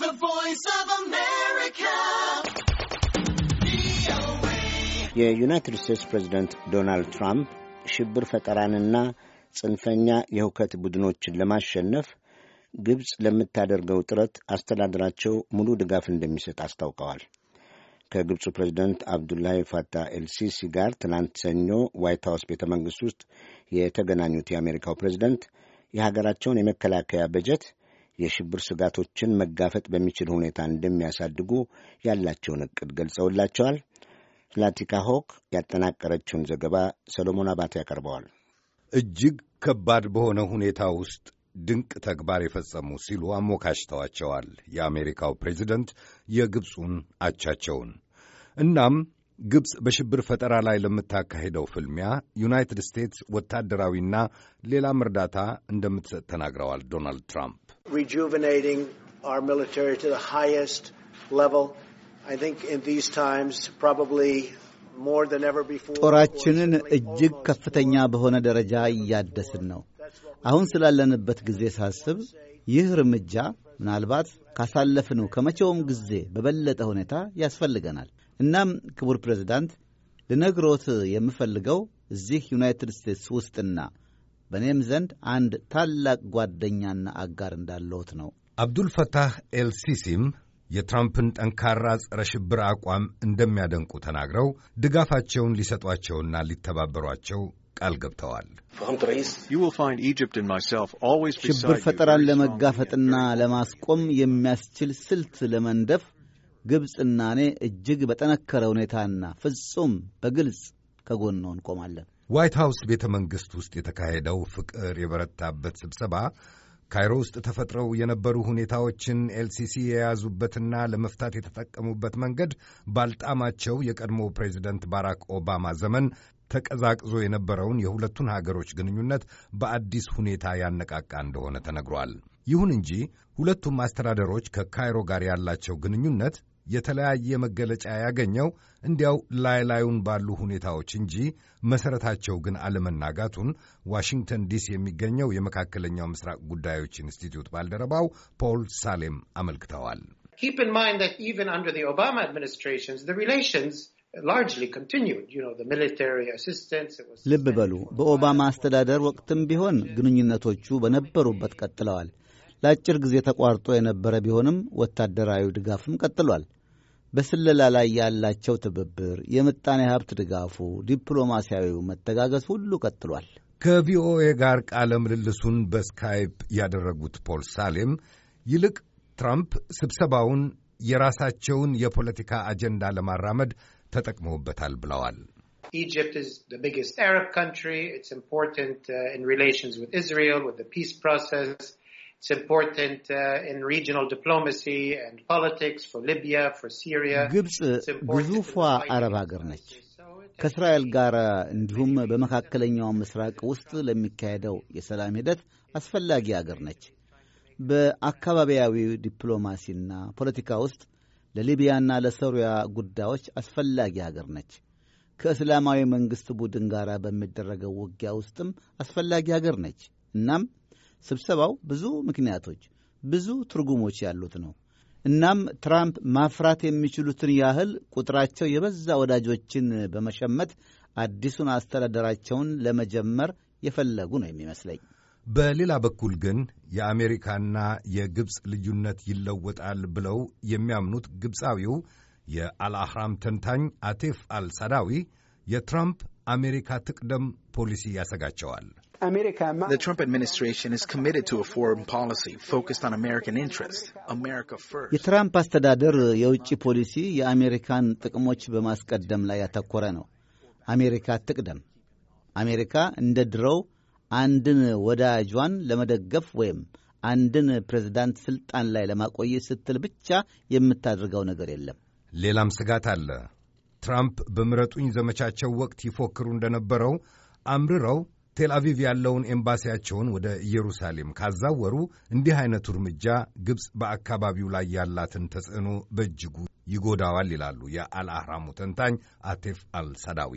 The Voice of America. የዩናይትድ ስቴትስ ፕሬዝደንት ዶናልድ ትራምፕ ሽብር ፈጠራንና ጽንፈኛ የሁከት ቡድኖችን ለማሸነፍ ግብፅ ለምታደርገው ጥረት አስተዳደራቸው ሙሉ ድጋፍ እንደሚሰጥ አስታውቀዋል። ከግብፁ ፕሬዝደንት አብዱላሂ ፋታህ ኤልሲሲ ጋር ትናንት ሰኞ ዋይት ሀውስ ቤተ መንግሥት ውስጥ የተገናኙት የአሜሪካው ፕሬዝደንት የሀገራቸውን የመከላከያ በጀት የሽብር ስጋቶችን መጋፈጥ በሚችል ሁኔታ እንደሚያሳድጉ ያላቸውን እቅድ ገልጸውላቸዋል። ላቲካ ሆክ ያጠናቀረችውን ዘገባ ሰሎሞን አባቴ ያቀርበዋል። እጅግ ከባድ በሆነ ሁኔታ ውስጥ ድንቅ ተግባር የፈጸሙ ሲሉ አሞካሽተዋቸዋል የአሜሪካው ፕሬዚደንት የግብፁን አቻቸውን። እናም ግብፅ በሽብር ፈጠራ ላይ ለምታካሄደው ፍልሚያ ዩናይትድ ስቴትስ ወታደራዊና ሌላም እርዳታ እንደምትሰጥ ተናግረዋል ዶናልድ ትራምፕ። rejuvenating our military to the highest level. I think in these times, probably more than ever before. ጦራችንን እጅግ ከፍተኛ በሆነ ደረጃ እያደስን ነው። አሁን ስላለንበት ጊዜ ሳስብ ይህ እርምጃ ምናልባት ካሳለፍነው ከመቼውም ጊዜ በበለጠ ሁኔታ ያስፈልገናል። እናም ክቡር ፕሬዚዳንት ልነግሮት የምፈልገው እዚህ ዩናይትድ ስቴትስ ውስጥና በእኔም ዘንድ አንድ ታላቅ ጓደኛና አጋር እንዳለሁት ነው። አብዱልፈታህ ኤልሲሲም የትራምፕን ጠንካራ ጸረ ሽብር አቋም እንደሚያደንቁ ተናግረው ድጋፋቸውን ሊሰጧቸውና ሊተባበሯቸው ቃል ገብተዋል። ሽብር ፈጠራን ለመጋፈጥና ለማስቆም የሚያስችል ስልት ለመንደፍ ግብፅና እኔ እጅግ በጠነከረ ሁኔታና ፍጹም በግልጽ ከጎንዎ እንቆማለን። ዋይት ሀውስ ቤተ መንግሥት ውስጥ የተካሄደው ፍቅር የበረታበት ስብሰባ ካይሮ ውስጥ ተፈጥረው የነበሩ ሁኔታዎችን ኤልሲሲ የያዙበትና ለመፍታት የተጠቀሙበት መንገድ ባልጣማቸው የቀድሞ ፕሬዚደንት ባራክ ኦባማ ዘመን ተቀዛቅዞ የነበረውን የሁለቱን ሀገሮች ግንኙነት በአዲስ ሁኔታ ያነቃቃ እንደሆነ ተነግሯል። ይሁን እንጂ ሁለቱም አስተዳደሮች ከካይሮ ጋር ያላቸው ግንኙነት የተለያየ መገለጫ ያገኘው እንዲያው ላይ ላዩን ባሉ ሁኔታዎች እንጂ መሠረታቸው ግን አለመናጋቱን ዋሽንግተን ዲሲ የሚገኘው የመካከለኛው ምስራቅ ጉዳዮች ኢንስቲትዩት ባልደረባው ፖል ሳሌም አመልክተዋል። ልብ በሉ፣ በኦባማ አስተዳደር ወቅትም ቢሆን ግንኙነቶቹ በነበሩበት ቀጥለዋል። ለአጭር ጊዜ ተቋርጦ የነበረ ቢሆንም ወታደራዊ ድጋፍም ቀጥሏል። በስለላ ላይ ያላቸው ትብብር፣ የምጣኔ ሀብት ድጋፉ፣ ዲፕሎማሲያዊው መተጋገዝ ሁሉ ቀጥሏል። ከቪኦኤ ጋር ቃለ ምልልሱን በስካይፕ ያደረጉት ፖል ሳሌም ይልቅ ትራምፕ ስብሰባውን የራሳቸውን የፖለቲካ አጀንዳ ለማራመድ ተጠቅመውበታል ብለዋል። ኢጅፕት is the biggest Arab country. It's important uh, Uh, ግብፅ ግዙፏ አረብ ሀገር ነች። ከእስራኤል ጋር እንዲሁም በመካከለኛው ምስራቅ ውስጥ ለሚካሄደው የሰላም ሂደት አስፈላጊ አገር ነች። በአካባቢያዊ ዲፕሎማሲና ፖለቲካ ውስጥ ለሊቢያና ለሶሪያ ጉዳዮች አስፈላጊ አገር ነች። ከእስላማዊ መንግሥት ቡድን ጋር በሚደረገው ውጊያ ውስጥም አስፈላጊ አገር ነች። እናም ስብሰባው ብዙ ምክንያቶች፣ ብዙ ትርጉሞች ያሉት ነው። እናም ትራምፕ ማፍራት የሚችሉትን ያህል ቁጥራቸው የበዛ ወዳጆችን በመሸመት አዲሱን አስተዳደራቸውን ለመጀመር የፈለጉ ነው የሚመስለኝ። በሌላ በኩል ግን የአሜሪካና የግብፅ ልዩነት ይለወጣል ብለው የሚያምኑት ግብፃዊው የአልአህራም ተንታኝ አቴፍ አልሳዳዊ የትራምፕ አሜሪካ ትቅደም ፖሊሲ ያሰጋቸዋል። The Trump administration is committed to a foreign policy focused on American interests. America first. የትራምፕ አስተዳደር የውጭ ፖሊሲ የአሜሪካን ጥቅሞች በማስቀደም ላይ ያተኮረ ነው። አሜሪካ ትቅደም። አሜሪካ እንደ ድሮው አንድን ወዳጇን ለመደገፍ ወይም አንድን ፕሬዝዳንት ስልጣን ላይ ለማቆየት ስትል ብቻ የምታደርገው ነገር የለም። ሌላም ስጋት አለ። ትራምፕ በምረጡኝ ዘመቻቸው ወቅት ይፎክሩ እንደነበረው አምርረው ቴል አቪቭ ያለውን ኤምባሲያቸውን ወደ ኢየሩሳሌም ካዛወሩ እንዲህ አይነቱ እርምጃ ግብፅ በአካባቢው ላይ ያላትን ተጽዕኖ በእጅጉ ይጎዳዋል ይላሉ የአልአህራሙ ተንታኝ አቴፍ አልሳዳዊ።